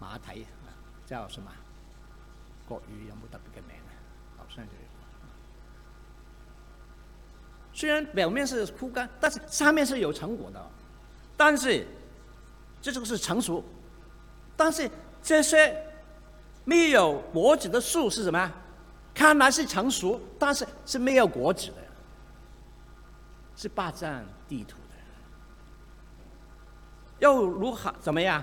馬蹄，叫什麼？國語有冇特別嘅名啊？雖然表面是枯乾，但是上面是有成果的，但是這就是成熟。但是這些沒有果子的樹是什麼？看來是成熟，但是是沒有果子的，是霸占地土的，又如何？怎麼樣？